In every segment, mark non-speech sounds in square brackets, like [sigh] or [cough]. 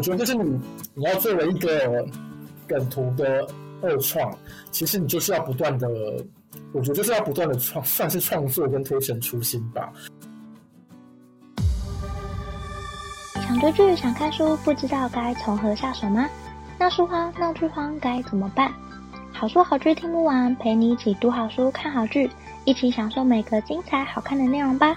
我覺得就是你，你要作為一個梗圖的二創，其實你就是要不斷的，我覺得就是要不斷的創，算是創作跟推陳出新吧。想追劇、想看書，不知道該從何下手嗎？鬧書荒、鬧劇荒該怎麼辦？好書好劇聽不完，陪你一起讀好書、看好劇，一起享受每個精彩、好看的內容吧。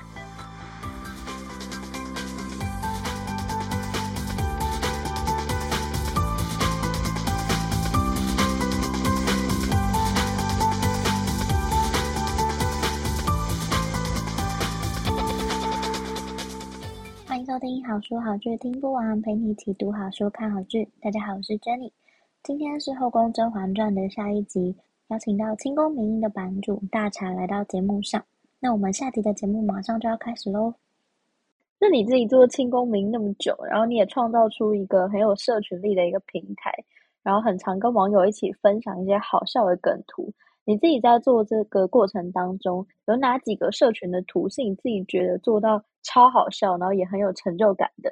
好書好劇聽不完，陪你一起讀好書、看好劇。大家好，我是 Jenny，今天是《後宮甄嬛傳》的下一集，邀請到清宮迷因的版主大茶來到節目上。那我們下集的節目馬上就要開始嘍。那你自己做清宮迷因那麼久，然後你也創造出一個很有社群力的一個平台，然後很常跟網友一起分享一些好笑的梗圖。你自己在做這個過程當中，有哪幾個社群的圖是你自己覺得做到超好笑，然後也很有成就感的？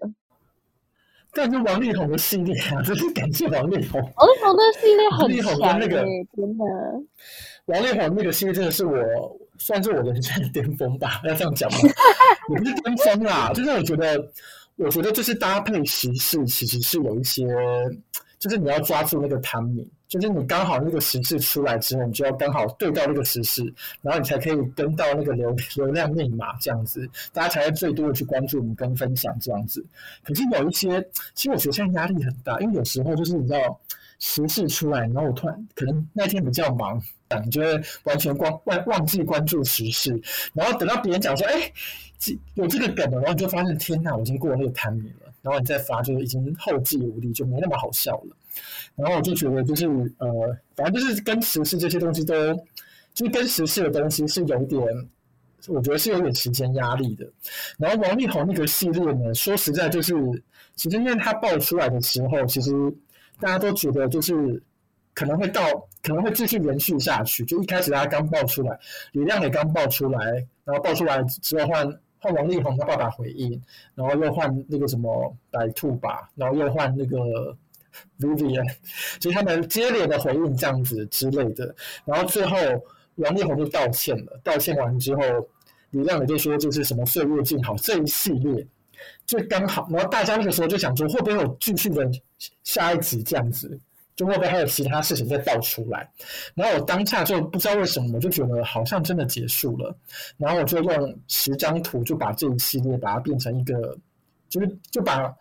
當然是王力宏的系列啊！真是感謝王力宏。哦那個，欸、王力宏的系列很強，真的。天哪王力宏那個系列真的是我，算是我的人生的巔峰吧，要這樣講嗎？ [laughs] 你不是巔峰啦，就是我覺得，我覺得就是搭配時事其實是有一些，就是你要抓住那個 timing。就是你剛好那個時事出來之後，你就要剛好對到那個時事，然後你才可以跟到那個流流量密碼這樣子，大家才會最多的去關注你跟分享這樣子。可是有一些，其實我覺得現在壓力很大，因為有時候就是你知道時事出來，然後我突然可能那天比較忙，你就會完全關忘忘記關注時事，然後等到別人講說，哎，有這個梗了，然後你就發現天吶，我已經過了那個 timing 了，然後你再發就已經後繼無力，就沒那麼好笑了。然後我就覺得，就是呃，反正就是跟時事這些東西都，就跟時事的東西是有點，我覺得是有點時間壓力的。然後王力宏那個系列呢，說實在就是，其實因為他爆出來的時候，其實大家都覺得就是可能會到，可能會繼續延續下去。就一開始他剛爆出來，李亮也剛爆出來，然後爆出來之後換換王力宏他爸爸回應，然後又換那個什麼白兔吧，然後又換那個。Vivian，就是他們接連的回應這樣子之類的，然後最後王力宏就道歉了。道歉完之後，李靚也就說，這是什麼“歲月靜好”這一系列，就剛好。然後大家那個時候就想說，會不會有繼續的下一集這樣子？就會不會還有其他事情再爆出來？然後我當下就不知道為什麼，我就覺得好像真的結束了。然後我就用十張圖就把這一系列把它變成一個，就是就把。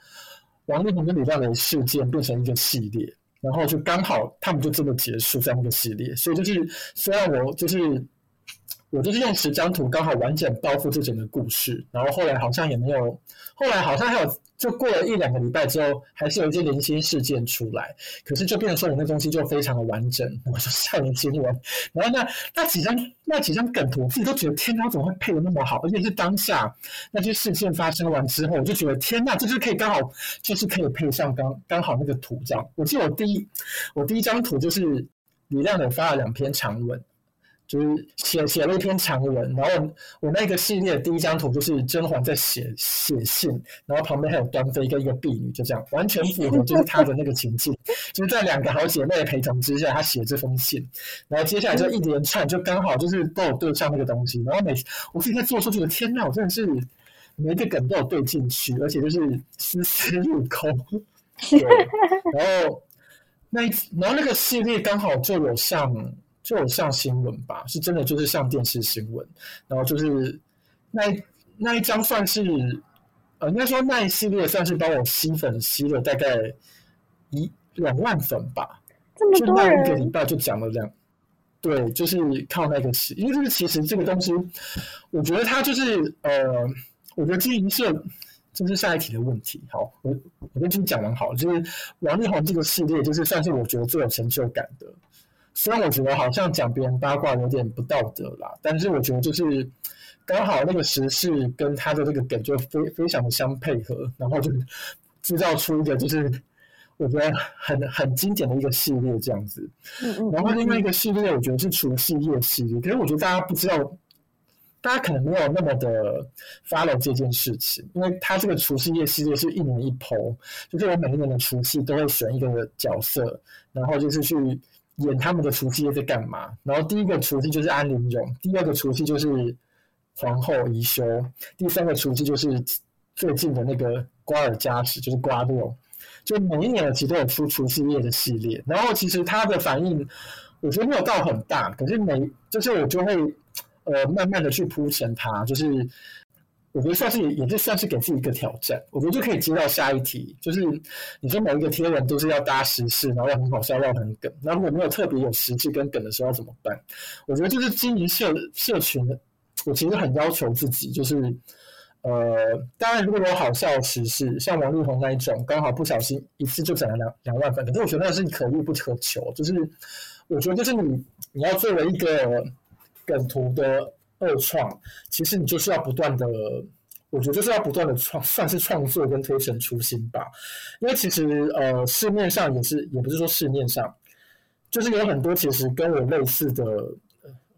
王力宏跟李靚蕾事件變成一個系列，然後就剛好他們就這麼結束在那個系列，所以就是雖然我就是我就是用十張圖剛好完整包覆這整個故事，然後後來好像也沒有，後來好像還有。就過了一兩個禮拜之後，還是有一些零星事件出來，可是就變成說，我那東西就非常的完整，我就上聯新聞。然後那那幾張那幾張梗圖，我自己都覺得天哪，怎麼會配的那麼好？而且是當下那些事件發生完之後，我就覺得天哪，這就是可以剛好就是可以配上剛剛好那個圖這樣。我記得我第一我第一張圖就是李靚蕾發了兩篇長文。就是寫寫了一篇長文，然後我那個系列，第一張圖就是甄嬛在寫寫信，然後旁邊還有端妃跟一個婢女，就這樣完全符合就是她的那個情境， [laughs] 就是在兩個好姐妹的陪同之下，她寫這封信，然後接下來就一連串就剛好就是都有對上那個東西，然後每次我自己在做出這個天吶，我真的是每個梗都有對進去，而且就是絲絲入扣，然後那然後那個系列剛好就有像。就像新聞吧，是真的，就是像電視新聞。然後就是那一那一張算是呃，應該說那一系列算是幫我吸粉吸了大概一兩萬粉吧。這麼多人。就那一個禮拜就講了兩，對，就是靠那個，起，因為就是其實這個東西，我覺得它就是呃，我覺得這一件就是下一題的問題。好，我我跟你講完好，就是王力宏這個系列，就是算是我覺得最有成就感的。雖然我覺得好像講別人八卦有點不道德啦，但是我覺得就是剛好那個時事跟他的那個梗就非非常的相配合，然後就制造出一個就是我覺得很很經典的一個系列這樣子。嗯、然後另外一個系列我覺得是除夕夜系列，可是我覺得大家不知道，大家可能沒有那麼的 follow 這件事情，因為他這個除夕夜系列是一年一 po，就是我每一年的除夕都會選一個角色，然後就是去。演他們的除夕夜在幹嘛？然後第一個除夕就是安陵容，第二個除夕就是皇后宜修，第三個除夕就是最近的那個瓜爾佳氏，就是瓜六。就每一年其實都有出除夕夜的系列，然後其實他的反應我覺得沒有到很大，可是每就是我就會呃慢慢的去鋪陳他，就是。我覺得算是也也算是給自己一個挑戰，我覺得就可以進到下一題。就是你說每一個貼文都是要搭時事，然後要很好笑，要很梗。那如果沒有特別有時事跟梗的時候要怎麼辦？我覺得就是經營社社群，我其實很要求自己，就是呃，當然如果有好笑的時事，像王力宏那一種，剛好不小心一次就整了兩兩萬粉。可是我覺得那是可遇不可求，就是我覺得就是你你要作為一個梗圖的，二創其實你就是要不斷的，我覺得就是要不斷的創，算是創作跟推陳出新吧。因為其實呃市面上也是，也不是說市面上，就是有很多其實跟我類似的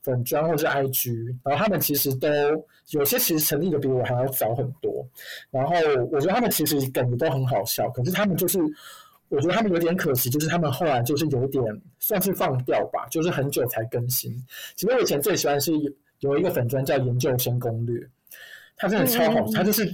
粉專或是 IG，然後他們其實都有些其實成立的比我還要早很多。然後我覺得他們其實感覺都很好笑，可是他們就是我覺得他們有點可惜，就是他們後來就是有點算是放掉吧，就是很久才更新。其實我以前最喜歡是。有一個粉專叫“研究生攻略”，他真的超好，他就是，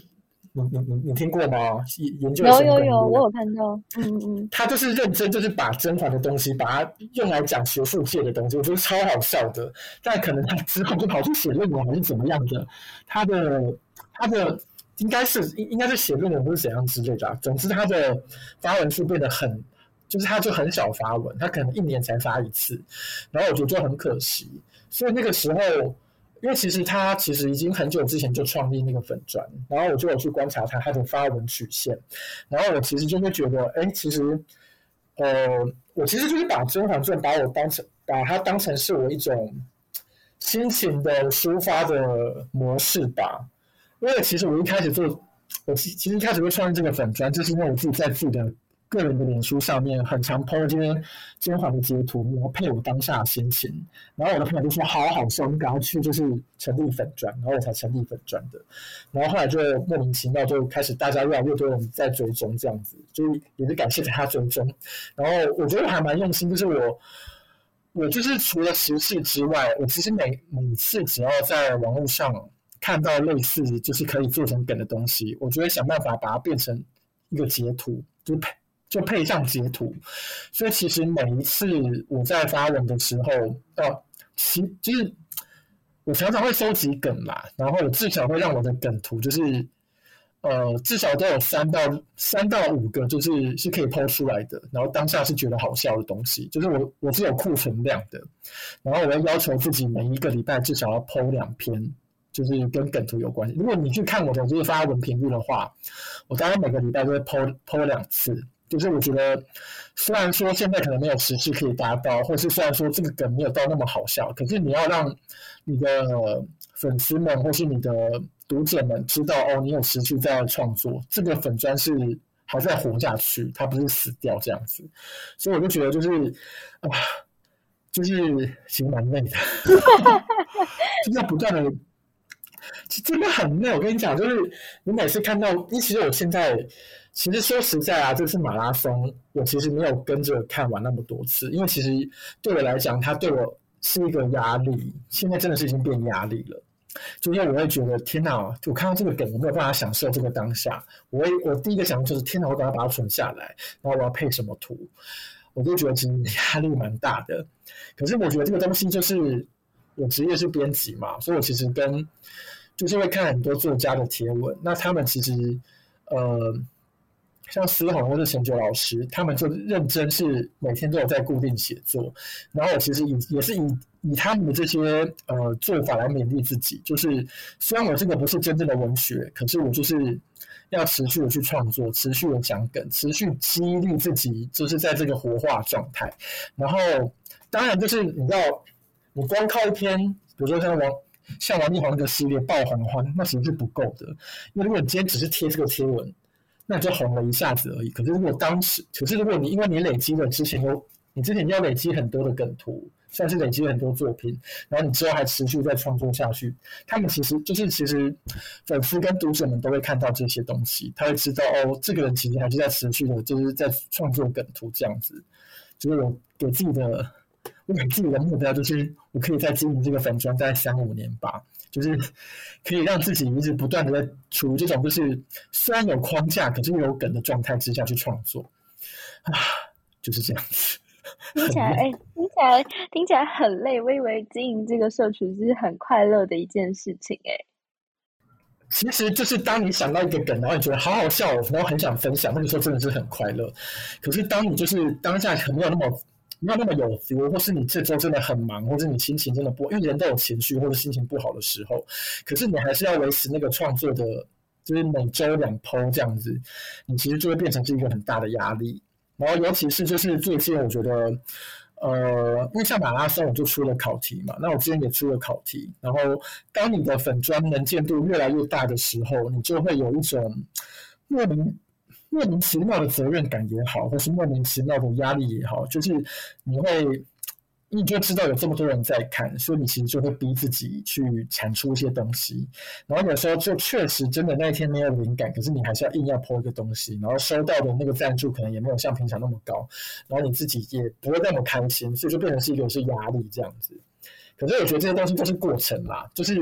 你你你你聽過嗎？研研究生攻略，有有有，我有看到。嗯嗯，他就是認真，就是把甄嬛的東西，把它用來講學術界的東西，我覺得超好笑的。但可能他之後就跑去寫論文還是怎麼樣的，他的他的應該是應該是寫論文或是怎樣之類的。總之，他的發文是變得很，就是他就很少發文，他可能一年才發一次，然後我覺得就很可惜。所以那個時候。因為其實他其實已經很久之前就創立那個粉專，然後我就有去觀察他，他的發文曲線，然後我其實就會覺得，哎，其實，呃，我其實就是把《甄嬛傳》把我當成把它當成是我一種心情的抒發的模式吧。因為其實我一開始做，我其其實一開始會創立這個粉專，就是因為我自己在自己的。個人的臉書上面，很常 po 今天，今天晚的截圖，然後配我當下的心情。然後我的朋友就說：“好好笑，你趕快去就是成立粉專。”然後我才成立粉專的。然後後來就莫名其妙就開始，大家越來越多人在追蹤，這樣子就也是感謝大家追蹤。然後我覺得還蠻用心，就是我我就是除了時事之外，我其實每每次只要在網絡上看到類似就是可以做成梗的東西，我就會想辦法把它變成一個截圖，就就配上截圖，所以其實每一次我在發文的時候，啊，其就是我常常會收集梗嘛，然後我至少會讓我的梗圖就是，呃，至少都有三到三到五個，就是是可以 PO 出來的，然後當下是覺得好笑的東西，就是我我是有庫存量的，然後我會要求自己每一個禮拜至少要 PO 兩篇，就是跟梗圖有關係。如果你去看我的就是發文頻率的話，我大概每個禮拜都會 PO PO 兩次。就是我覺得，雖然說現在可能沒有持續可以達到，或是雖然說這個梗沒有到那麼好笑，可是你要讓你的粉絲們或是你的讀者們知道，哦，你有持續在創作，這個粉專是還在活下去，它不是死掉這樣子。所以我就覺得，就是啊，就是其實蠻累的，就是要不斷的，真的很累。我跟你講，就是你每次看到，其實我現在。其實說實在啊，這次馬拉松我其實沒有跟着看完那麼多次，因為其實對我來講，它對我是一個壓力。現在真的是已經變壓力了，就因為我會覺得天啊，我看到這個梗，我沒有辦法享受這個當下。我會我第一個想就是天啊，我怎麼把它存下來？然後我要配什麼圖？我就覺得其實壓力蠻大的。可是我覺得這個東西就是我職業是編輯嘛，所以我其實跟就是會看很多作家的貼文，那他們其實呃。像思宏或是陳九老師，他們就認真是每天都有在固定寫作，然後我其實也也是以以他們的這些呃做法來勉勵自己，就是雖然我這個不是真正的文學，可是我就是要持續的去創作，持續的講梗，持續激勵自己，就是在這個活化狀態。然後當然就是你知道，你光靠一篇，比如說像王像王力宏那個系列爆紅的話，那其實是不夠的，因為如果你今天只是貼這個貼文。那就紅了一下子而已。可是如果當時，可是如果你因為你累積了之前有，你之前要累積很多的梗圖，算是累積了很多作品，然後你之後還持續再創作下去，他們其實就是其實粉絲跟讀者們都會看到這些東西，他會知道哦，這個人其實還是在持續的，就是在創作梗圖這樣子。就是我給自己的，我給自己的目標就是我可以再經營這個粉專大概三五年吧。就是可以讓自己一直不斷的在處於這種，就是雖然有框架，可是又有梗的狀態之下去創作啊，就是這樣。聽起來哎累、欸，聽起來聽起來很累。我以為經營這個社群是很快樂的一件事情哎、欸。其實就是當你想到一個梗，然後你覺得好好笑，然後很想分享，那個時候真的是很快樂。可是當你就是當下可能沒有那麼不要那麼有福，或是你這周真的很忙，或是你心情真的不，因為人都有情緒或者心情不好的時候，可是你還是要維持那個創作的，就是每周兩 PO 這樣子，你其實就會變成是一個很大的壓力。然後尤其是就是最近，我覺得，呃，因為像馬拉松，我就出了考題嘛，那我之前也出了考題，然後當你的粉專能見度越來越大的時候，你就會有一種莫名。莫名其妙的責任感也好，或是莫名其妙的壓力也好，就是你會，你就知道有這麼多人在看，所以你其實就會逼自己去產出一些東西。然後有時候就確實真的那一天沒有靈感，可是你還是要硬要 po 一個東西。然後收到的那個贊助可能也沒有像平常那麼高，然後你自己也不會那麼開心，所以就變成是一個是壓力這樣子。可是我覺得這些東西都是過程嘛，就是。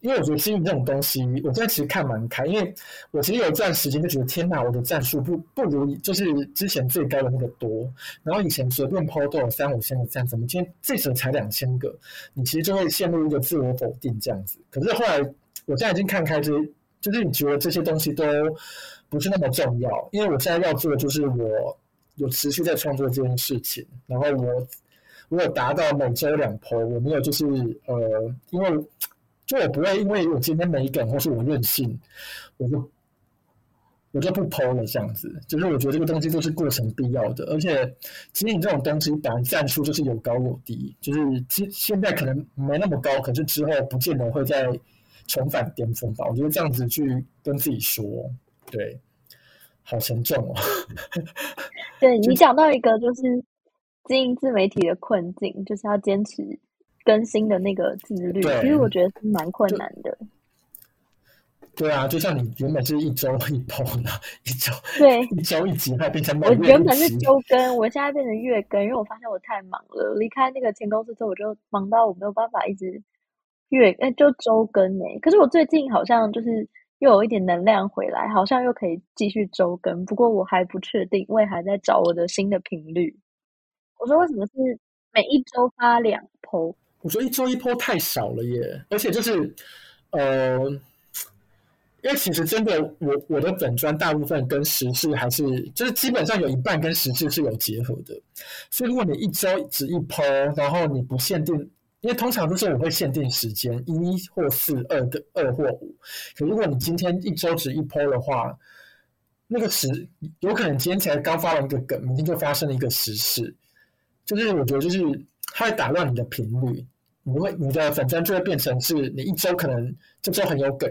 因為我覺得經營這種東西，我現在其實看蠻開，因為我其實有一段時間就覺得天哪，我的讚數不不如，就是之前最高的那個多，然後以前隨便拋都有三五千個讚，怎麼今天這時候才兩千個？你其實就會陷入一個自我否定這樣子。可是後來我現在已經看開，就是，這就是你覺得這些東西都不是那麼重要，因為我現在要做的就是我有持續在創作這件事情，然後我如果達到每周兩拋，我沒有就是呃，因為。就我不會，因為我今天沒梗，或是我任性，我就我就不 po 了，這樣子，就是我覺得這個東西都是過程必要的，而且其實你這種東西，本來戰數就是有高有低，就是現現在可能沒那麼高，可是之後不見得會再重返巔峰吧。我覺得這樣子去跟自己說，對，好沉重哦。 [laughs] 對，你講到一個就是經營自媒體的困境，就是要堅持更新的那個自律，對其實我覺得是蠻困難的對。對啊，就像你原本是一周一頭呢，啊，一周對，一周一,一集，那變成我原本是周更，我現在變成月更，因為我發現我太忙了。離開那個前公司之後，我就忙到我沒有辦法一直月，那、欸、就周更哎、欸。可是我最近好像就是又有一點能量回來，好像又可以繼續周更。不過我還不確定，因為還在找我的新的頻率。我說為什麼是每一周發兩頭？我覺得一周一拋太少了耶，而且就是，呃，因為其實真的，我我的粉專大部分跟時事還是就是基本上有一半跟時事是有結合的，所以如果你一周只一拋，然後你不限定，因為通常都是我會限定時間一或四、二個二或五，可，如果你今天一周只一拋的話，那個時有可能今天才剛發完一個梗，明天就發生了一個時事，就是我覺得就是。它會打亂你的頻率，你會，你的粉專就會變成是，你一周可能這周很有梗，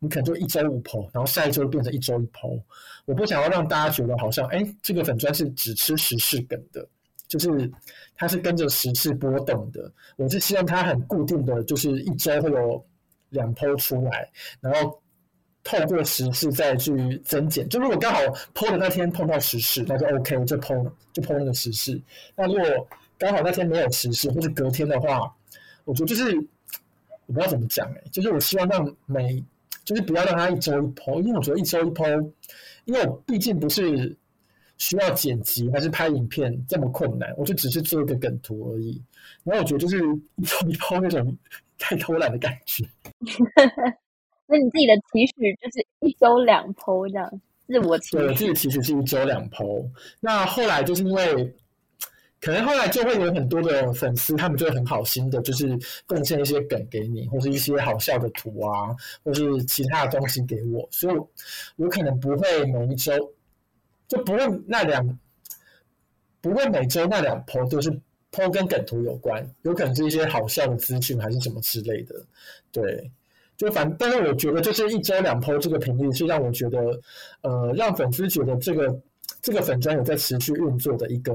你可能就一周五 po，然後下一周變成一周一 po。我不想要讓大家覺得好像，哎、欸，這個粉專是只吃時事梗的，就是它是跟着時事波動的。我是希望它很固定的就是一周會有兩 po 出來，然後透過時事再去增減。就如果剛好 po 的那天碰到時事，那就 OK，我就 po 了，就 po 那個時事。那如果剛好那天沒有時事，或者隔天的話，我覺得就是我不知道怎麼講哎、欸，就是我希望讓每，就是不要讓他一周一拋，因為我覺得一周一拋，因為我畢竟不是需要剪輯還是拍影片這麼困難，我就只是做一個梗圖而已。然後我覺得就是一周一拋那種太偷懶的感覺。 [laughs] 那你自己的期許就是一周兩拋這樣？是我我自己其實是一周兩拋。那後來就是因為。可能後來就會有很多的粉絲，他們就會很好心的，就是貢獻一些梗給你，或是一些好笑的圖啊，或是其他的東西給我。所以，我可能不會每一周就不會那兩不會每周那兩 PO 都是 PO 跟梗圖有關，有可能是一些好笑的資訊，還是什麼之類的。對，就反，但是我覺得就是一周兩 PO 這個頻率，是讓我覺得，呃，讓粉絲覺得這個這個粉專有在持續運作的一個。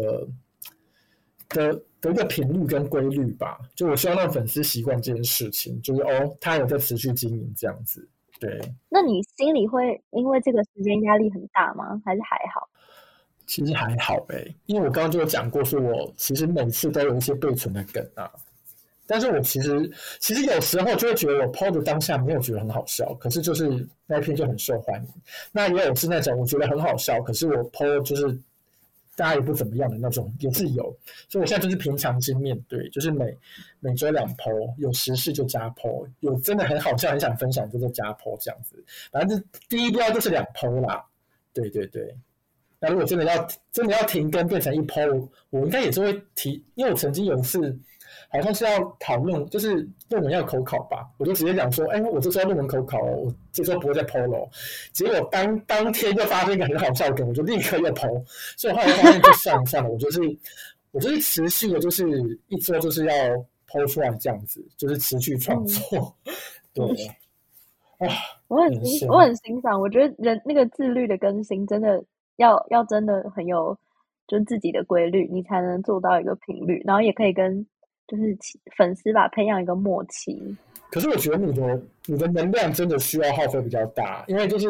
的的一個頻率跟規律吧，就我希望讓粉絲習慣這件事情，就是哦，他有在持續經營這樣子。對，那你心裡會因為這個時間壓力很大嗎？還是還好？其實還好欸，因為我剛剛就有講過，說我其實每次都有一些備存的梗啊，但是我其實其實有時候就會覺得我 po 的當下沒有覺得很好笑，可是就是那一篇就很受歡迎。那也有是那種我覺得很好笑，可是我 po 就是。大家也不怎麼樣的那種，也是有，所以我現在就是平常心面對，就是每每週兩 Po，有時事就加 Po，有真的很好笑很想分享就做加 Po 這樣子。反正第一步要就是兩 Po 啦，對對對，那如果真的要真的要停更變成一 Po，我應該也是會提，因為我曾經有一次。好像是要討論，就是論文要口考吧？我就直接講說：“哎、欸，我這次要論文口考，我這次不會再 PO 了結果當當天就發生一個很好笑的梗，我就立刻又 PO，所以我後來發現就上一上了，就算算，我就是我就是持續的，就是一說就是要 PO 出來這樣子，就是持續創作。嗯、對， [laughs] 啊，我很,很酸我很欣賞，我覺得人那個自律的更新真的要要真的很有，就自己的規律，你才能做到一個頻率，嗯、然後也可以跟。就是粉絲吧，培養一個默契。可是我覺得你的你的能量真的需要耗費比較大，因為就是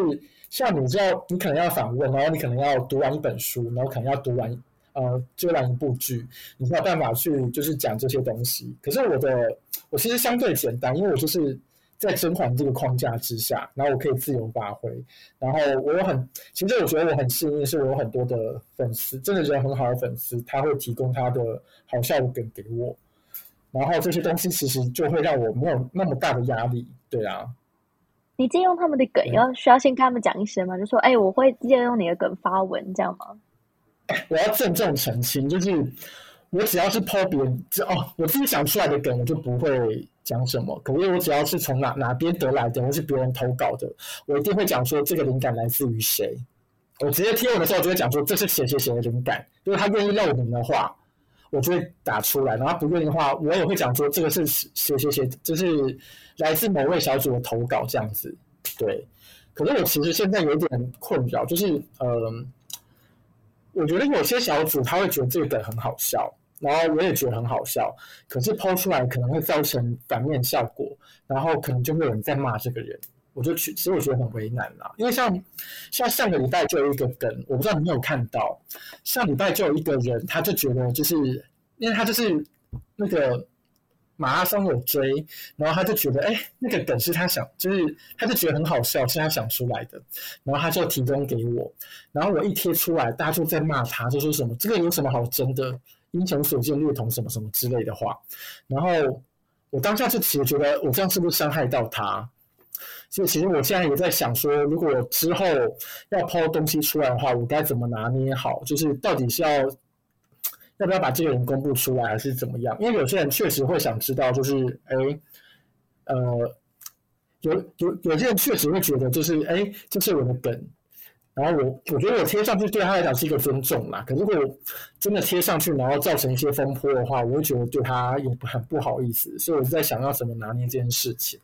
像你知道，你可能要訪問，然後你可能要讀完一本書，然後可能要讀完呃，追完一部劇，你才有辦法去就是講這些東西。可是我的我其實相對簡單，因為我就是在《甄嬛》這個框架之下，然後我可以自由發揮。然後我很其實我覺得我很幸運，是我有很多的粉絲，真的覺得很好的粉絲，他會提供他的好笑梗給我。然後這些東西其實就會讓我沒有那麼大的壓力，對啊。你借用他們的梗，要對需要先跟他們講一些嗎？就說，哎、欸，我會借用你的梗發文，這樣嗎？我要鄭重澄清，就是我只要是拋別人，哦，我自己想出來的梗，我就不會講什麼。可是我只要是從哪哪邊得來的，或是別人投稿的，我一定會講說這個靈感來自於誰。我直接貼文的時候，就會講說這是誰誰誰的靈感。如、就、果、是、他願意露名的話。我就會打出來，然後不對的話，我也會講說這個是誰誰誰，就是來自某位小組的投稿這樣子。對，可是我其實現在有點困擾，就是嗯、呃，我覺得有些小組他會覺得這個很好笑，然後我也覺得很好笑，可是拋出來可能會造成反面效果，然後可能就會有人在罵這個人。我就去，所以我覺得很為難啦。因為像像上個禮拜就有一個梗，我不知道你沒有看到。上禮拜就有一個人，他就覺得，就是因為他就是那個馬拉松有追，然後他就覺得，哎，那個梗是他想，就是他就覺得很好笑，是他想出來的。然後他就提供給我，然後我一貼出來，大家都在罵他，就說什麼這個有什麼好爭的？英雄所見略同，什麼什麼之類的話。然後我當下就其實覺得，我這樣是不是傷害到他？就其實我現在也在想說，如果之後要 PO 東西出來的話，我該怎麼拿捏好？就是到底是要要不要把這個人公布出來，還是怎麼樣？因為有些人確實會想知道，就是哎、欸，呃，有有有些人確實會覺得，就是哎、欸，這是我的本。然後我我覺得我貼上去對他來講是一個尊重嘛。可如果我真的貼上去，然後造成一些風波的話，我會覺得對他有很不好意思。所以，我在想要怎麼拿捏這件事情。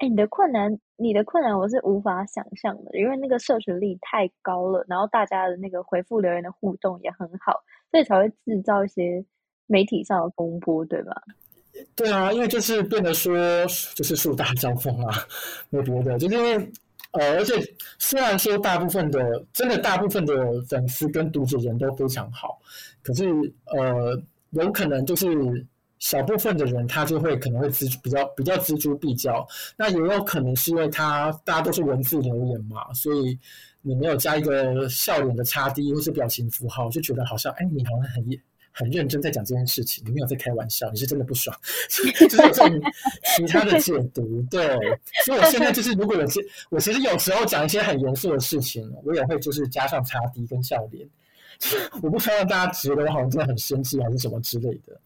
哎，你的困難，你的困難，我是無法想象的，因為那個社群力太高了，然後大家的那個回復留言的互動也很好，所以才會製造一些媒體上的風波，對吧？對啊，因為就是變得說，就是樹大招風啊，沒別的，就是因為呃，而且雖然說大部分的，真的大部分的粉絲跟讀者人都非常好，可是呃，有可能就是。小部分的人他就會可能會資比較比較錙銖必較，那也有可能是因為他大家都是文字留言嘛，所以你沒有加一個笑臉的插 D 或是表情符號，就覺得好像哎，你好像很很認真在講這件事情，你沒有在開玩笑，你是真的不爽， [laughs] [laughs] 就是這其他的解讀 [laughs] 對，所以我現在就是，如果有些我其實有時候講一些很嚴肅的事情，我也會就是加上插 D 跟笑臉，我不希望大家覺得我好像真的很生氣還是什麼之類的。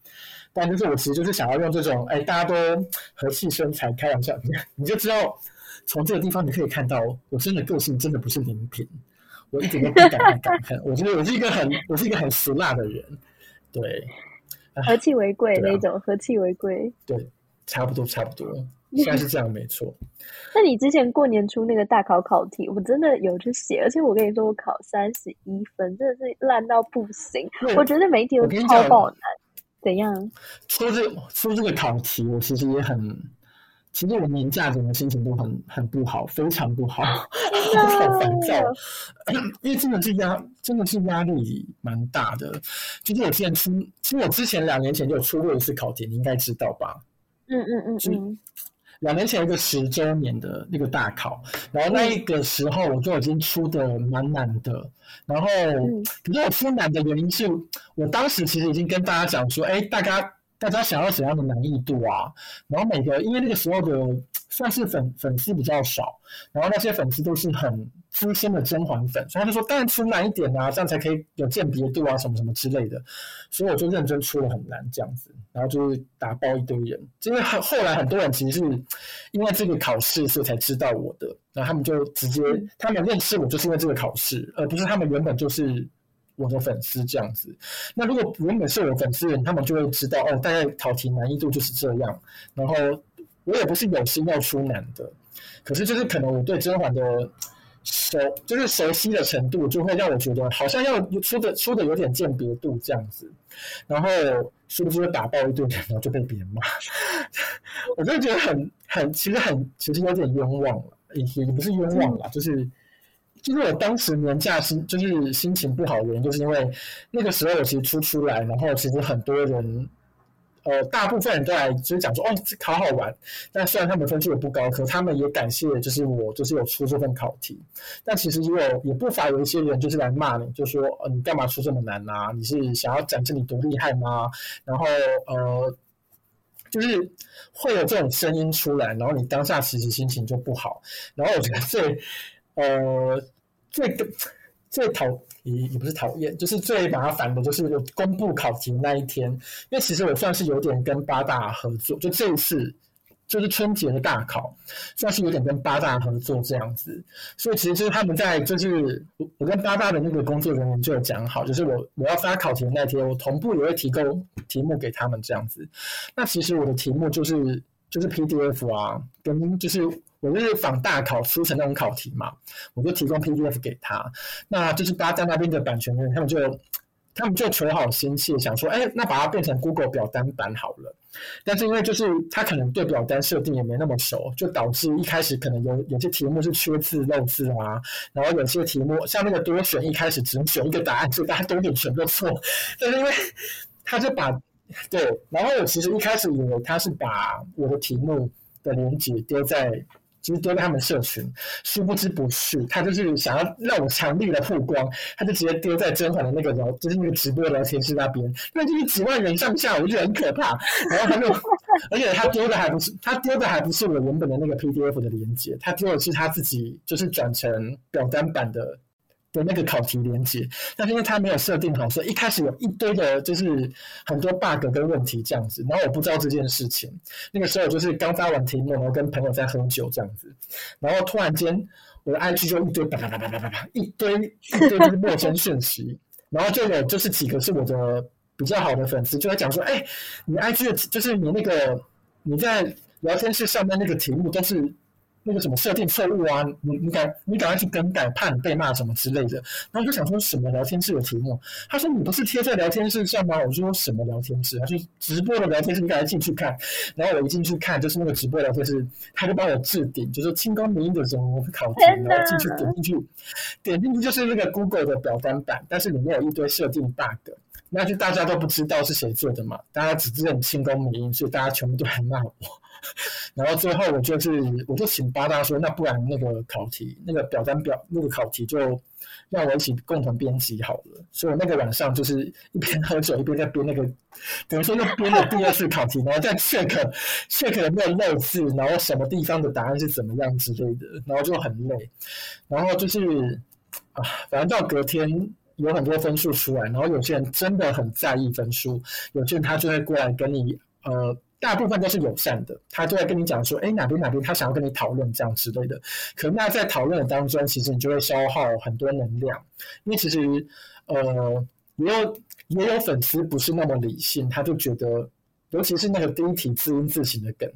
但就是我其實就是想要用這種，哎，大家都和氣生財開玩笑，你就知道從這個地方你可以看到，我真的個性真的不是林平，我一點都不敢敢,敢 [laughs] 我覺得我是一個很我是一個很死辣的人，對，啊、和氣為貴、啊、那種和氣為貴，對，差不多差不多，應該是這樣 [laughs] 沒錯。那你之前過年出那個大考考題，我真的有去寫，而且我跟你說，我考三十一分，真的是爛到不行，對我覺得每一題都超爆難。怎樣？出這出這個考題，我其實也很，其實我年假整個心情都很很不好，非常不好，哎、呀 [laughs] 好煩躁，哎、呀因為真的是壓真的是壓力蠻大的。其實我之前出，其實我之前兩年前就有出過一次考題，你應該知道吧？嗯嗯嗯就嗯，嗯。兩年前一個十週年的那個大考，然後那一個時候我就已經出得蠻難的，然後、嗯、可是我出難的原因是，我當時其實已經跟大家講說，哎，大家。大家想要怎樣的難易度啊？然後每個，因為那個時候的算是粉粉絲比較少，然後那些粉絲都是很資深的甄嬛粉，所以他就說當然出難一點啊，這樣才可以有鑑別度啊，什麼什麼之類的。所以我就認真出了很難這樣子，然後就是打包一堆人，因為很後來很多人其實是因為這個考試所以才知道我的，然後他們就直接他們認識我就是因為這個考試，而不是他們原本就是。我的粉絲這樣子，那如果原，每次我的粉絲人，他們就會知道哦、哎，大概考題難易度就是這樣。然後我也不是有心要出難的，可是就是可能我對甄嬛的熟，就是熟悉的程度，就會讓我覺得好像要出的出的有點鑑別度這樣子。然後是不是會打爆一頓，然後就被別人罵？ [laughs] 我就覺得很很，其實很其實有點冤枉了，也也不是冤枉啦，嗯、就是。其實我當時年假心就是心情不好的原因，就是因為那個時候我其實出出來，然後其實很多人，呃，大部分人都來就是講說，哦，這考好玩。但雖然他們分數也不高，可他們也感謝，就是我就是有出這份考題。但其實如果也不乏有一些人就是來罵你，就說，呃，你幹嘛出這麼難啊？你是想要展示你多厲害嗎？然後呃，就是會有這種聲音出來，然後你當下其實心情就不好。然後我覺得這，呃。最最討也也不是討厭，就是最麻煩的，就是我公布考題的那一天。因為其實我算是有點跟八大合作，就這一次就是春節的大考，算是有點跟八大合作這樣子。所以其實就是他們在，就是我我跟八大的那個工作人員就有講好，就是我我要發考題的那天，我同步也會提供題目給他們這樣子。那其實我的題目就是就是 PDF 啊，跟就是。我就是仿大考書城那種考題嘛，我就提供 PDF 給他，那就是大家在那邊的版權人，他們就他們就求好心切，想說，哎，那把它變成 Google 表單版好了。但是因為就是他可能對表單設定也沒那麼熟，就導致一開始可能有有些題目是缺字漏字啊，然後有些題目像那個多選，一開始只能選一個答案，所以大家多點選全都錯。但是因為他就把，對，然後我其實一開始以為他是把我的題目的連接丟在。其實丟在他們社群，殊不知不是他，就是想要讓我強力的曝光，他就直接丟在甄嬛的那個聊，就是那個直播聊天室那邊，那就是幾萬人上下，我就覺得很可怕。然後他就， [laughs] 而且他丟的還不是他丟的還不是我原本的那個 PDF 的連接，他丟的是他自己就是轉成表單版的。的那個考題連結，那是因為他沒有設定好，所以一開始有一堆的就是很多 bug 跟問題這樣子，然後我不知道這件事情。那個時候我就是剛發完題目，然後跟朋友在喝酒這樣子，然後突然間我的 IG 就一堆叭叭叭叭叭叭，一堆一堆的陌生訊息， [laughs] 然後就有就是幾個是我的比較好的粉絲，就在講說：“哎、欸，你 IG 的就是你那個你在聊天室上面那個題目都是。”那個什麼設定錯誤啊，你你趕你趕快去更改，怕你被罵什麼之類的。然後就想說，什麼聊天室的題目？他說你不是貼在聊天室上嗎？我說什麼聊天室？他說直播的聊天室，你趕快進去看。然後我一進去看，就是那個直播聊天室，他就幫我置頂，就是清宮迷因的我會考題，然後哪進去點進去，點進去就是那個 Google 的表單版，但是裡面有一堆設定 bug，那就大家都不知道是誰做的嘛，大家只知道你清宮迷因，所以大家全部都來罵我。然後最後我就，就是，我就請八大說，那不然那個考題那個表單表那個考題就讓我一起共同編輯好了。所以我那個晚上就是一邊喝酒一邊在編那個，等於說那編的第二次考題， [laughs] 然後再 check [laughs] check 有沒有漏字，然後什麼地方的答案是怎麼樣之類的，然後就很累。然後就是啊，反正到隔天有很多分數出來，然後有些人真的很在意分數，有些人他就會過來跟你呃。大部分都是友善的，他就在跟你講說，哎，哪邊哪邊，他想要跟你討論這樣之類的。可那在討論的當中，其實你就會消耗很多能量，因為其實，呃，也有也有粉絲不是那麼理性，他就覺得，尤其是那個第一題字音字形的梗。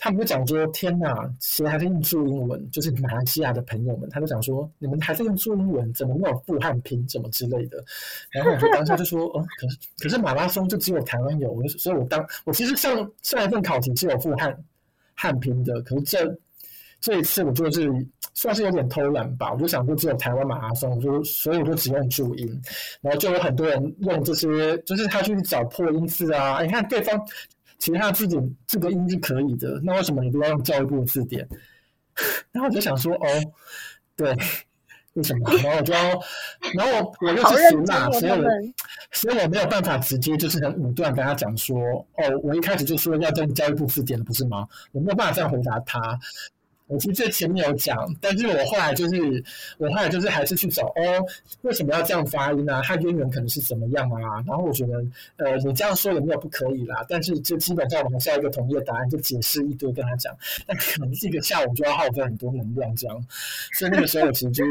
他們就講說：“天哪，誰還在用注音文？就是馬來西亞的朋友們，他就講說：你們還在用注音文，怎麼沒有附漢拼？怎麼之類的？”然後我就當下就說：“ [laughs] 哦，可是可是馬拉松就只有台灣有，所以我當我其實上上一份考題是有附漢漢拼的，可是這這一次我就是算是有點偷懶吧，我就想說只有台灣馬拉松，我就所以我就只用注音，然後就有很多人用這些，就是他去找破音字啊、哎，你看對方。”其實他字典這個音是可以的，那為什麼你不要用教育部的字典？然後我就想說，哦，對，為什麼？然後我就要，就然後我，我又是屬馬，所以我，對所以我沒有辦法直接就是很武斷跟他講說，哦，我一開始就說要用教育部字典，不是嗎？我沒有辦法這樣回答他。我其實在前面有講，但是我後來就是，我後來就是還是去找哦，為什麼要這樣發音啊？它淵源可能是怎麼樣啊？然後我覺得，呃，你這樣說也沒有不可以啦。但是就基本上我們下一個統一的答案，就解釋一堆跟他講，但可能一個下午就要耗費很多能量這樣。所以那個時候我其實就，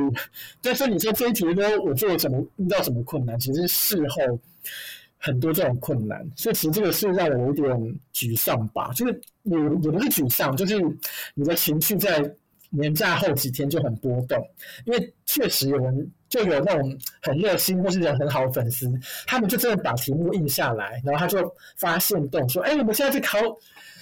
但是 [laughs] 你說這些題都我做怎麼遇到什麼困難？其實事後。很多這種困難，所以其實這個是讓我有點沮喪吧。就是也也不是沮喪，就是你的情緒在年假後幾天就很波動。因為確實有人就有那種很熱心或是人很好的粉絲，他們就真的把題目印下來，然後他就發限動說：“哎、欸，你們現在在考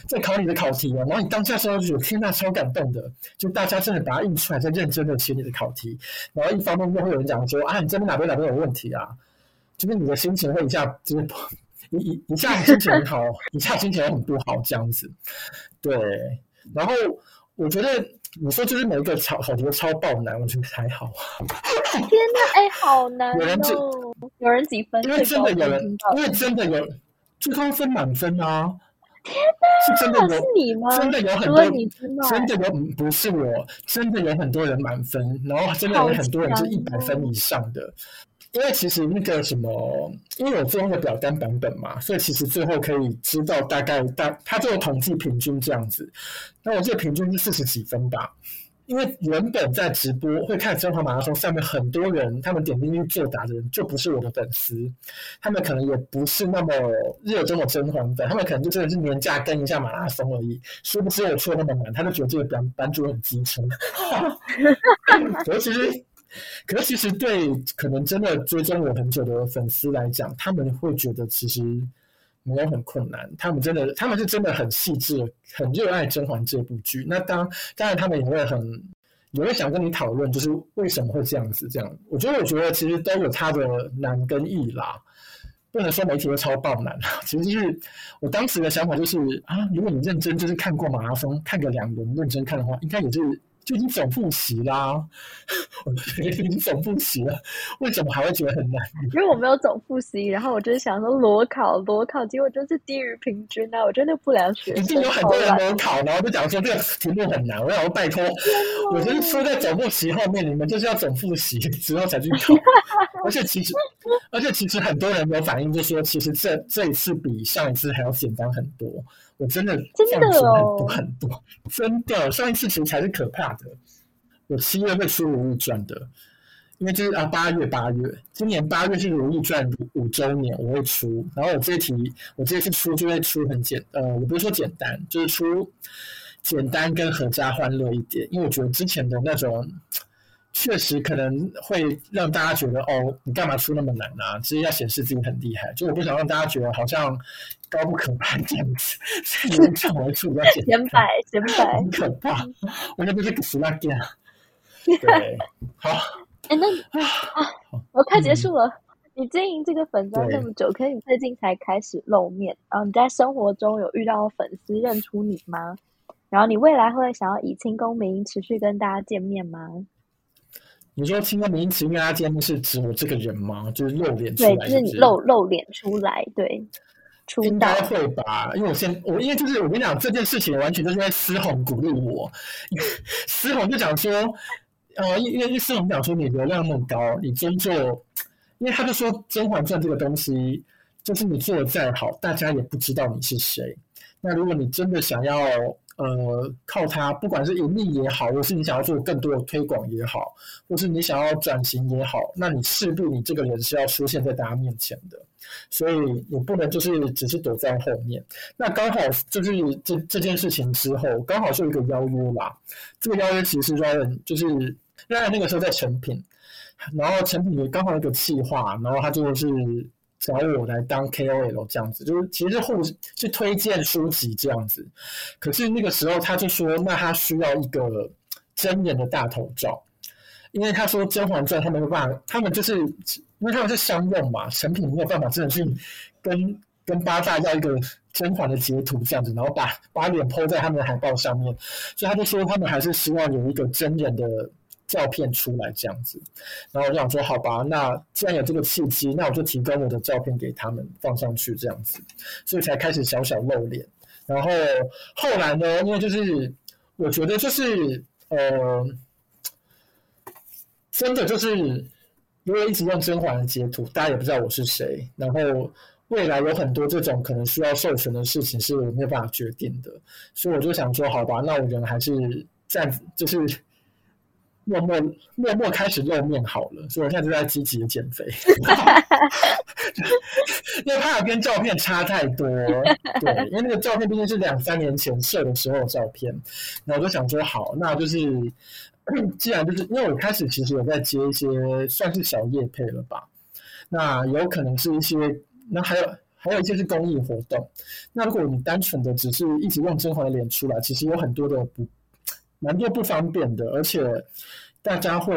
在考你的考題啊！”然後你當下說後就天哪，超感動的，就大家真的把它印出來，在認真的寫你的考題。然後一方面又會有人講說：“啊，你真的哪邊哪邊有問題啊？”就是你的心情會一下，就是你一下心情很好，一 [laughs] 下心情很不好這樣子。對，然後我覺得你說就是每一個超好多超爆難，我覺得還好啊。 [laughs] 天哪，哎、欸，好難、哦！ [laughs] 有人幾就有人幾分？因為真的有人，因為真的有最高 [laughs] 分滿分啊！天哪，是真的我？是你嗎？真的有很多？真的有不是我？真的有很多人滿分，然後真的有很多人是一百分以上的。因為其實那個什麼，因為我做那個表單版本嘛，所以其實最後可以知道大概大他最後統計平均這樣子。那我這個平均是四十幾分吧。因為原本在直播會看《甄嬛馬拉松》上面很多人，他們點進去作答的人就不是我的粉絲，他們可能也不是那麼熱衷的甄嬛粉，他們可能就真的是年假跟一下馬拉松而已。殊不知我出那麼難，他就覺得這個版版主很精深。 [laughs] [laughs] 是其可是其實對可能真的追蹤我很久的粉絲來講，他們會覺得其實沒有很困難。他們真的，他們是真的很細緻，很熱愛《甄嬛》這部劇。那當當然，他們也會很也會想跟你討論，就是為什麼會這樣子這樣。我覺得，我覺得其實都有他的難跟易啦。不能說每一題都超爆難啊。其實就是我當時的想法就是啊，如果你認真就是看過馬拉松，看個兩輪認真看的話，應該也是。就已經總複習啦，我覺得已經總複習了，為什麼還會覺得很難？因為我沒有總複習，然後我就想說裸考，裸考，結果就是低於平均啊！我真的不良學生。一定有很多人裸考，然後就講說這個題目很難，然後我要拜托，啊、我就是說在總複習後面，你們就是要總複習之後才去考， [laughs] 而且其實，而且其實很多人沒有反應就是，就說其實這這一次比上一次還要簡單很多。我真的放棄很多、哦、很多，真的，上一次其實才是可怕的。我七月份出《如懿傳》的，因為就是啊，八月八月，今年八月是《如懿傳》五周年，我會出。然後我這題我這次出就會出很簡，呃，我不是說簡單，就是出簡單跟闔家歡樂一點，因為我覺得之前的那種。確實可能會讓大家覺得哦，你幹嘛出那麼難啊？只是要顯示自己很厲害。就我不想讓大家覺得好像高不可攀。這樣我出不要顯擺顯擺，先擺很可怕。擺我那邊是死爛店。對， [laughs] 好。哎、欸，那啊，啊嗯、我快結束了。你經營這個粉專那麼久，對可是你最近才開始露面。然、啊、後你在生活中有遇到粉絲認出你嗎？ [laughs] 然後你未來會想要以清宮迷因持續跟大家見面嗎？你說“清宮迷因”應該他今天是指我這個人嗎？就是露臉出、就是，出來？對，就是露露臉出來，對，應該會吧？因為我現我因為就是我跟你講這件事情，完全就是在思宏鼓勵我， [laughs] 思宏就講說，呃，因為思宏講說你流量那麼高，你真做，因為他就說《甄嬛傳》這個東西，就是你做的再好，大家也不知道你是誰。那如果你真的想要，呃、嗯，靠他，不管是盈利也好，或是你想要做更多的推廣也好，或是你想要轉型也好，那你勢必你這個人是要出現在大家面前的，所以你不能就是只是躲在後面。那剛好就是這這件事情之後，剛好是一個邀約啦。這個邀約其實讓、就、人、是，就是 Ryan 那個時候在成品，然後成品剛好有個企劃，然後他就是。找我來當 KOL 這樣子，就是其實是是推薦書籍這樣子。可是那個時候他就說，那他需要一個真人的大頭照，因為他說《甄嬛傳》他們沒有辦法，他們就是因為他們是商用嘛，成品沒有辦法真的是跟跟八大要一個甄嬛的截圖這樣子，然後把把臉 PO 在他們的海報上面。所以他就說，他們還是希望有一個真人的。照片出來這樣子，然後我想說，好吧，那既然有這個契機，那我就提供我的照片給他們放上去這樣子，所以才開始小小露臉。然後後來呢，因為就是我覺得就是呃，真的就是因為一直用甄嬛的截圖，大家也不知道我是誰。然後未來有很多這種可能需要授權的事情，是我沒有辦法決定的，所以我就想說，好吧，那我覺得還是這樣就是。默默默默開始露面好了，所以我現在就在積極的減肥， [laughs] [laughs] 因為怕跟照片差太多。對，因為那個照片畢竟是兩三年前瘦的時候的照片，那我就想說，好，那就是、嗯、既然就是，因為我開始其實有在接一些算是小業配了吧，那有可能是一些，那還有還有一些是公益活動。那如果我們單純的只是一直用甄嬛的臉出來，其實有很多的不。蠻多不方便的，而且大家會，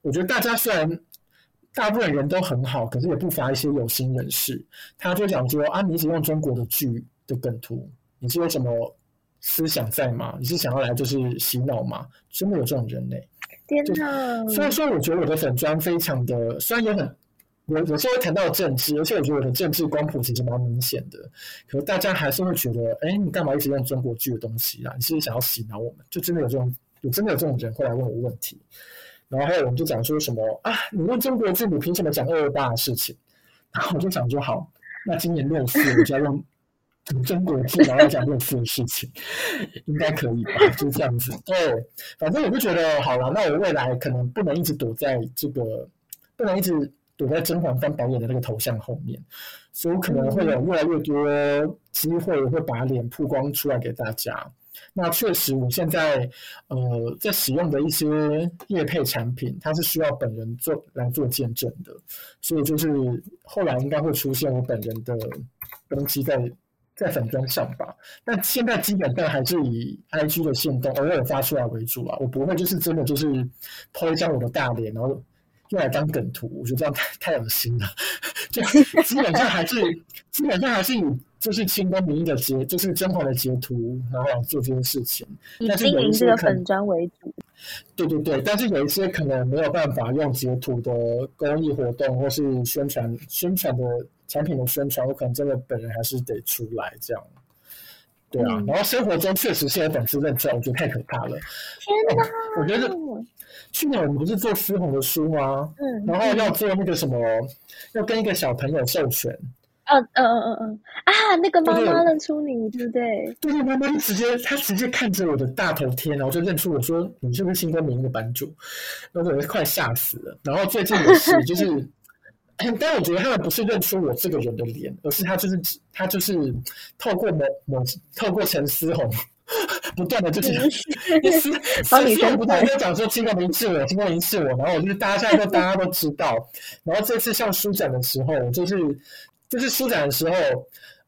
我覺得大家雖然大部分人都很好，可是也不乏一些有心人士，他就講說：“啊，你只用中國的劇的梗圖，你是有什麼思想在嗎？你是想要來就是洗腦嗎？”真的有這種人嘞、欸！天哪！所以說我覺得我的粉專非常的，雖然也很。我我有時候會談到政治，而且我覺得我的政治光譜其實蠻明顯的，可是大家還是會覺得，哎，你幹嘛一直用中國劇的東西啊？你是不是想要洗腦我們？就真的有這種，有真的有這種人會來問我問題。然後我們就講說什麼啊？你用中國劇，你憑什麼講228的事情？然後我就想說好，那今年六四，我就要用中國劇然後講六四的事情，應該可以吧？就是這樣子。對，反正我就覺得好了。那我未來可能不能一直躲在這個，不能一直。躲在甄嬛翻白眼的那個頭像後面，所以我可能會有越來越多機會我會把臉曝光出來給大家。那確實，我現在呃在使用的一些業配產品，它是需要本人做來做見證的，所以就是後來應該會出現我本人的東西在在粉專上吧。但現在基本上還是以 IG 的互動偶爾發出來為主啊，我不會就是真的就是拍一張我的大臉，然後。用來當梗圖，我覺得這樣太太噁心了。就基本上還是 [laughs] 基本上還是以就是清宮迷因的截，就是甄嬛的截圖，然後做這件事情。但是有一些粉專為主。對對對，但是有一些可能沒有辦法用截圖的公益活動，或是宣傳宣傳的產品的宣傳，我可能真的本人還是得出來這樣。對啊，然後生活中確實是有粉絲認證，我覺得太可怕了。天哪。嗯，我覺得。去年我們不是做思宏的書嗎、啊？嗯，然後要做那個什麼，嗯、要跟一個小朋友授權。嗯嗯嗯嗯嗯，啊，那個媽媽認出你，對不對？對,對，媽媽就直接，她直接看着我的大頭貼，然後就認出我說：“ [laughs] 你是不是清宮迷因的版主？”然後我就快嚇死了。然後最近也是，就是， [laughs] 但我覺得他們不是認出我這個人的臉，而是他就是他就是透過某某，透過陳思宏。 [laughs] 不斷的就講，就是書紅不斷在講說迷因“清宮 [laughs] 迷因是我，清宮迷因是我”，然後就是大家現在都大家都知道。然後這次像書展的時候，就是就是書展的時候，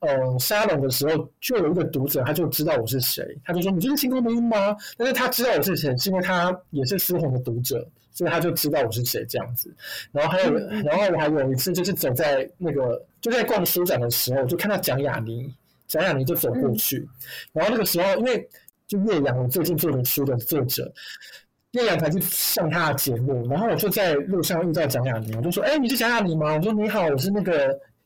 呃、嗯，沙龍的時候，就有一個讀者，他就知道我是誰，他就說：“你就是清宮迷因嗎？”但是他知道我是誰，是因為他也是書紅的讀者，所以他就知道我是誰這樣子。然後還有，嗯、然後我還有一次就是走在那個就在逛書展的時候，就看到蔣雅妮，蔣雅妮就走過去，嗯、然後那個時候因為。就岳陽，我最近做的書的作者，岳陽才去上他的節目，然後我就在路上遇到蔣雅寧，我就說：“哎、欸，你是蔣雅寧嗎？”我說：“你好，我是那個。”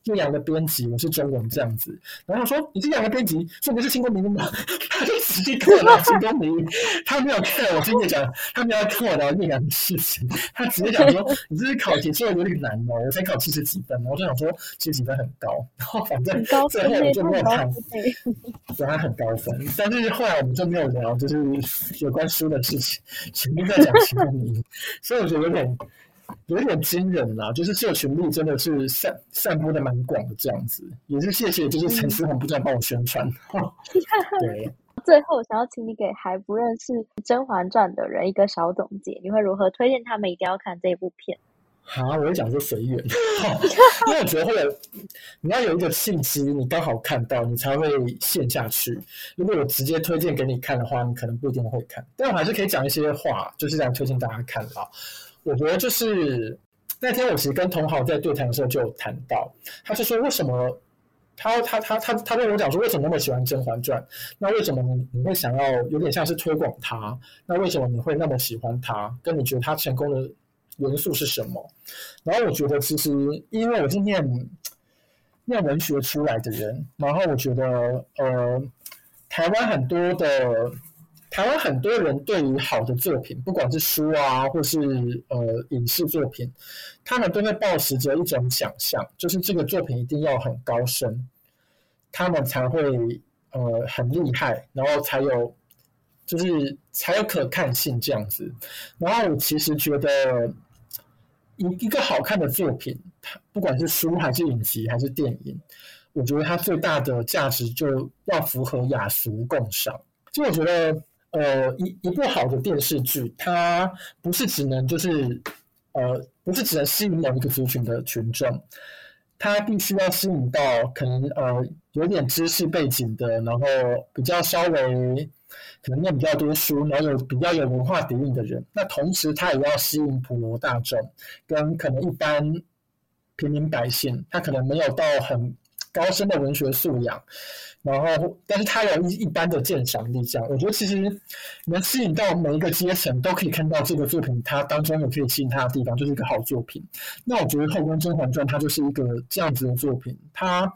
岳陽的編輯，我是中文這樣子，然後說：“你岳陽的編輯是不是清宮迷因嗎？ [laughs] 」他就直接看清宮迷因，他沒有看我今天講，他沒有看我聊岳陽的事情，他直接講說：“你這是考題出的有點難哦，我才考七十幾分。”我就想說七十幾分很高，然後反正最後我就沒有談，對他很高分，但是後來我們就沒有聊，就是有關書的事情，全部在講清宮迷因， [laughs] 所以我覺得。有點驚人啦、啊，就是社群力真的是散散播的蠻廣的，這樣子也是謝謝，就是陳思恆不斷幫我宣傳。嗯嗯、對，最後我想要請你給還不認識《甄嬛傳》的人一個小總結，你會如何推薦他們一定要看這部片？好，我會講說隨緣，因、嗯、為 [laughs] [laughs] 我覺得會有，你要有一個信息你剛好看到，你才會陷下去。如果我直接推薦給你看的話，你可能不一定會看，但我還是可以講一些話，就是想推薦大家看我覺得就是那天，我其實跟同好在對談的時候就談到，他就說為什麼他他他他他對我講說為什麼那麼喜歡《甄嬛傳》，那為什麼你會想要有點像是推廣他？」「那為什麼你會那麼喜歡他？」「跟你覺得他成功的元素是什麼？然後我覺得其實因為我是念念文學出來的人，然後我覺得呃，台灣很多的。台灣很多人對於好的作品，不管是書啊，或是呃影視作品，他們都會抱持着一種想象，就是這個作品一定要很高深，他們才會呃很厲害，然後才有就是才有可看性這樣子。然後我其實覺得一一個好看的作品，不管是書還是影集還是電影，我覺得它最大的價值就要符合雅俗共賞。其實我覺得。呃，一一部好的電視劇，它不是只能就是，呃，不是只能吸引某一個族群的群眾，它必須要吸引到可能呃有點知識背景的，然後比較稍微可能念比較多書，然後有比較有文化底蘊的人。那同時，它也要吸引普羅大眾跟可能一般平民百姓，他可能沒有到很。高深的文學素養，然後，但是他有一一般的鑑賞力，這樣，我覺得其實能吸引到每一個階層都可以看到這個作品，它當中有可以吸引他的地方，就是一個好作品。那我覺得《後宮甄嬛傳》它就是一個這樣子的作品，它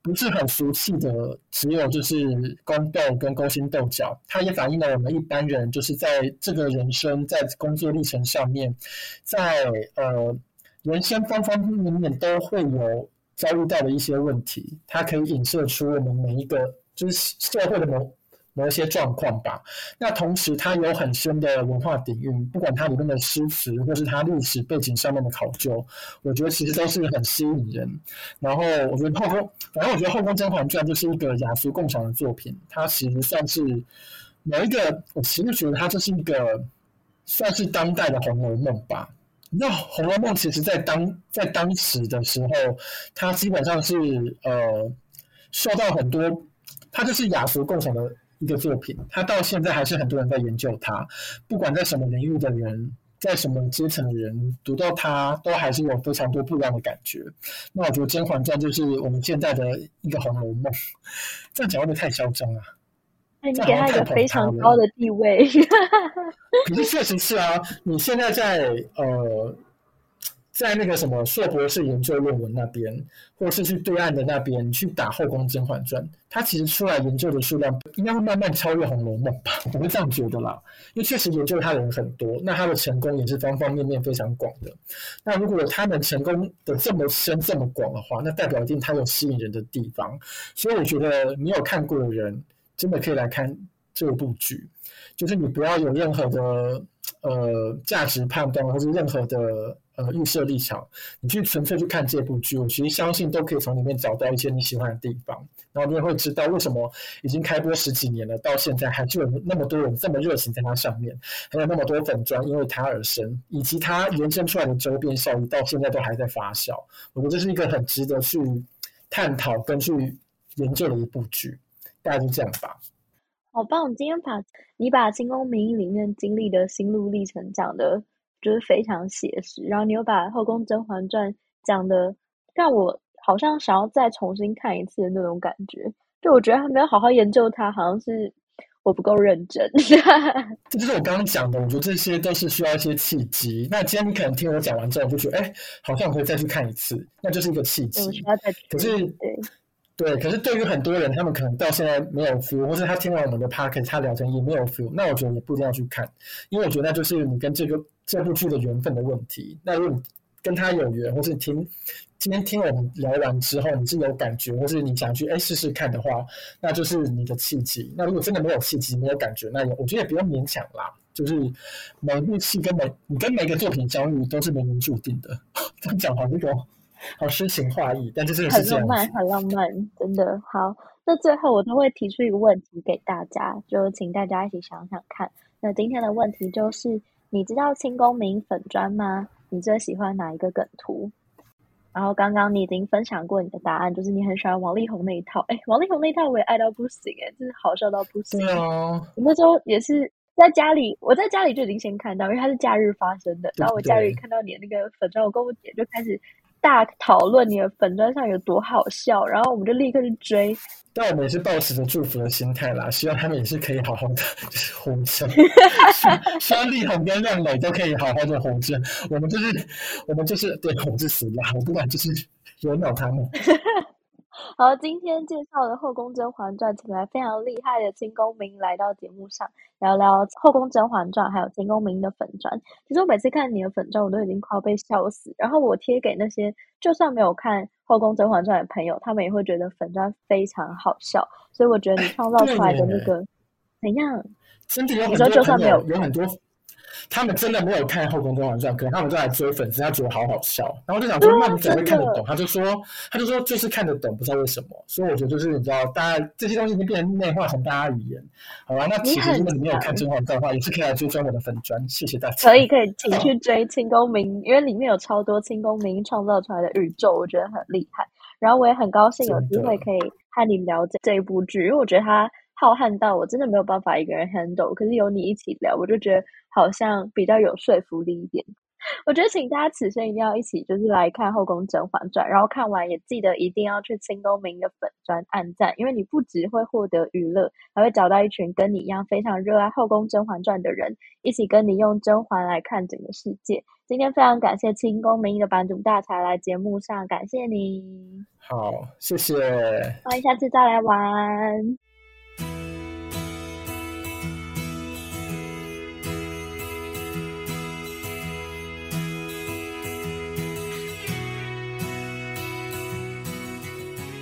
不是很俗氣的，只有就是宮鬥跟勾心鬥角，它也反映了我們一般人就是在這個人生、在工作歷程上面，在呃人生方方面面都會有遭遇到的一些問題，它可以影射出我們每一個就是社會的某某一些狀況吧。那同時，它有很深的文化底蘊，不管它裡面的詩詞或是它歷史背景上面的考究，我覺得其實都是很吸引人。然後，我覺得後宮，反正我覺得後宮甄嬛傳就是一個雅俗共賞的作品。它其實算是某一個，我其實覺得它就是一個算是當代的紅樓夢吧。那《紅樓夢》其實，在當在當時的時候，它基本上是呃受到很多，它就是雅俗共賞的一個作品。它到現在還是很多人在研究它，不管在什麼領域的人，在什麼階層的人讀到它，都還是有非常多不一樣的感覺。那我覺得《甄嬛傳》就是我們現在的一個《紅樓夢》，這樣講會不會太囂張啊？哎、你給他一個非常高的地位 [laughs] ，可是確實是啊。你現在在呃，在那個什麼碩博士研究論文那邊，或是去對岸的那邊，你去打《後宮甄嬛傳》，他其實出來研究的數量應該會慢慢超越《紅樓夢》吧？我是這樣覺得啦。因為確實研究他的人很多，那他的成功也是方方面面非常廣的。那如果他能成功的這麼深、這麼廣的話，那代表一定他有吸引人的地方。所以我覺得，你有看過的人。真的可以來看這部劇，就是你不要有任何的呃價值判斷，或是任何的呃預設立場，你去純粹去看這部劇。我其實相信，都可以從裡面找到一些你喜歡的地方，然後你也會知道為什麼已經開播十幾年了，到現在還就有那麼多人這麼熱情在它上面，還有那麼多粉專因為它而生，以及它延伸出來的周邊效益到現在都還在發酵。我覺得這是一個很值得去探討跟去研究的一部劇。大概就這樣吧，好棒！今天把你把《清宮迷因》裡面經歷的心路歷程講的，就是非常寫實。然後你又把《後宮甄嬛傳》講得，讓我好像想要再重新看一次的那種感覺。就我覺得還沒有好好研究它，好像是我不夠認真。 [laughs] 這就是我剛剛講的，我覺得這些都是需要一些契機。那今天你可能聽我講完之後，就覺得哎，好像可以再去看一次，那就是一個契機。我需要再去，可是對。對，可是對於很多人，他們可能到現在沒有 feel，或是他聽完我們的 podcast，他聊天也沒有 feel，那我覺得也不一定要去看，因為我覺得那就是你跟這個這部劇的緣分的問題。那如果你跟他有緣，或是聽今天聽我們聊完之後你是有感覺，或是你想去哎試試看的話，那就是你的契機。那如果真的沒有契機，沒有感覺，那也我覺得也不用勉強啦。就是每部戲跟每你跟每個作品相遇都是冥冥注定的。他講話如果。好詩情畫意，對但真是，這個是這樣很浪漫，很浪漫，真的好。那最後我都會提出一個問題給大家，就請大家一起想想看。那今天的問題就是：你知道清宮迷因粉專嗎？你最喜歡哪一個梗圖？然後剛剛你已經分享過你的答案，就是你很喜歡王力宏那一套。誒、欸，王力宏那一套我也愛到不行，欸，誒，就是好笑到不行。對我，啊，那時候也是在家裡，我在家裡就已經先看到，因為它是假日發生的。然後我假日看到你的那個粉專，我跟我姐就開始。大討論你的粉專上有多好笑，然後我們就立刻去追。但我們也是抱持著祝福的心態啦，希望他們也是可以好好的紅起來。孫立紅跟任美都可以好好的紅色。我們就是我們就是對紅人死了，我不管，就是惹惱他們。 [laughs] 好，今天介紹的《後宮甄嬛傳》，請來非常厲害的清宮迷因來到節目上聊聊《後宮甄嬛傳》，還有清宮迷因的粉專。其實我每次看你的粉專，我都已經快要被笑死，然後我貼給那些就算沒有看《後宮甄嬛傳》的朋友，他們也會覺得粉專非常好笑。所以我覺得你創造出來的那個耶怎樣？身體很多你說就算沒有看，有他們真的沒有看《後宮甄嬛傳》，可能他們在追粉絲，他覺得好好笑，然後我就想說他們、啊、怎麼會看得懂？的他就說，他就說就是看得懂，不知道為什麼。所以我覺得就是你知道，大家這些東西已變內化成大家語言，好吧？那其實如果你，你沒有看《甄嬛傳》的話，也是可以來追專門的粉專。謝謝大家，可以可以，可以請去追《清宮迷因》。嗯，因為裡面有超多清宮迷因創造出來的宇宙，我覺得很厲害。然後我也很高興有機會可以和你了解這部劇，因為我覺得它。浩瀚到我真的沒有辦法一個人 handle，可是有你一起聊，我就覺得好像比較有說服力一點。我覺得請大家此生一定要一起就是來看《後宮甄嬛傳》，然後看完也記得一定要去清宮迷因的粉專按讚，因為你不只會獲得娛樂，還會找到一群跟你一樣非常熱愛《後宮甄嬛傳》的人，一起跟你用甄嬛來看整個世界。今天非常感謝清宮迷因的版主大才來節目上，感謝你。好，謝謝。歡迎下次再來玩。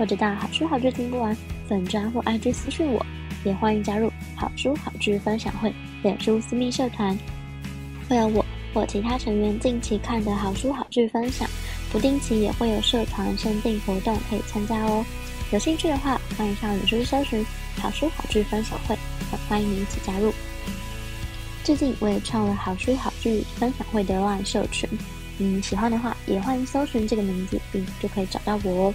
或者到好書好劇聽不完粉專或 IG 私訊我，也歡迎加入好書好劇分享會、臉書私密社團，會有我或其他成員近期看的好書好劇分享，不定期也會有社團限定活動可以參加哦。有興趣的話，歡迎上臉書搜尋好書好劇分享會，很歡迎你一起加入。最近我也創了好書好劇分享會的 LINE 社群，嗯，喜歡的話也歡迎搜尋這個名字，你就可以找到我哦。